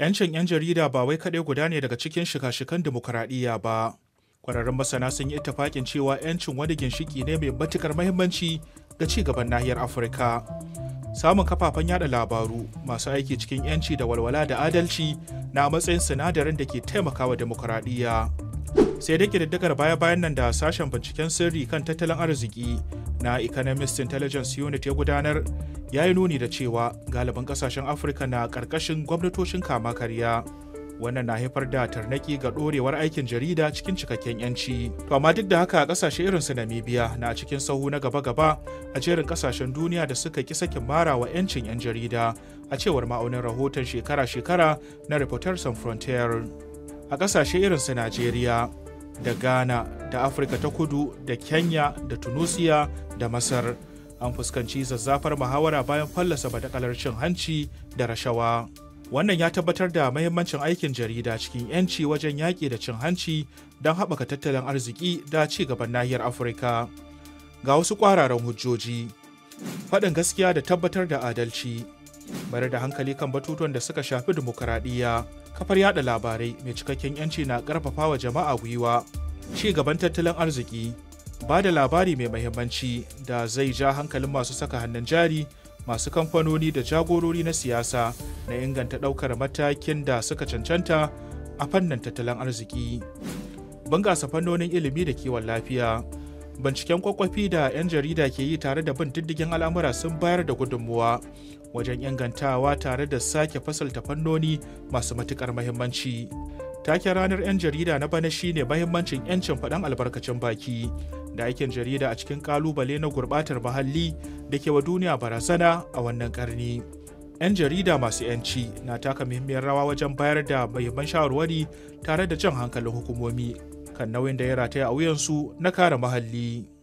'Yancin 'yan jarida ba wai kaɗai guda ne daga cikin shika-shikan dimokuraɗiyya ba. Kwararrun masana sun yi tafakin cewa 'yancin wani ginshiki ne mai matuƙar mahimmanci ga ci gaban nahiyar Afirka. Samun kafafen yada labaru masu aiki cikin 'yanci da walwala da adalci na matsayin sinadarin da ke taimakawa dimokuraɗiyya. sai da ƙididdigar baya-bayan nan da sashen binciken sirri kan tattalin arziki na economist intelligence unit ya gudanar ya yi nuni da cewa galibin kasashen afirka na ƙarƙashin gwamnatocin kama karya wannan na haifar da tarnaki ga ɗorewar aikin jarida cikin cikakken yanci to amma duk da haka kasashe irin su namibia na cikin sahu na gaba-gaba a jerin kasashen duniya da suka ki sakin mara wa yancin yan jarida a cewar ma'aunin rahoton shekara-shekara na reporters On frontier a kasashe irin su najeriya da ghana da afirka ta kudu da kenya da tunisia da masar an fuskanci zazzafar muhawara bayan fallasa badakalar cin hanci da rashawa wannan ya tabbatar da mahimmancin aikin jarida cikin 'yanci wajen yaƙi da cin hanci don haɓaka tattalin arziki da ci gaban nahiyar afirka ga wasu ƙwararan hujjoji faɗin gaskiya da tabbatar da adalci mayar da hankali kan batutuwan da suka shafi dimokuraɗiyya kafar yada labarai mai cikakken yanci na ƙarfafa wa jama'a gwiwa ci gaban tattalin arziki ba da labari mai mahimmanci da zai ja hankalin masu saka hannun jari masu kamfanoni da jagorori na siyasa na inganta ɗaukar matakin da suka cancanta a fannin tattalin arziki. Bunƙasa fannonin ilimi da kiwon lafiya binciken kwakwafi da 'yan jarida ke yi tare da bin diddigin al'amura sun bayar da gudunmuwa wajen ingantawa tare da sake fasalta fannoni masu matukar mahimmanci taken ranar 'yan jarida na bana shine mahimmancin 'yancin faɗan albarkacin baki da aikin jarida a cikin kalubale na gurbatar muhalli da ke wa duniya barazana a wannan karni 'yan jarida masu 'yanci na taka muhimmiyar rawa wajen bayar da muhimman shawarwari tare da jan hankalin hukumomi kan nauyin da ya rataya a wuyansu na kare muhalli.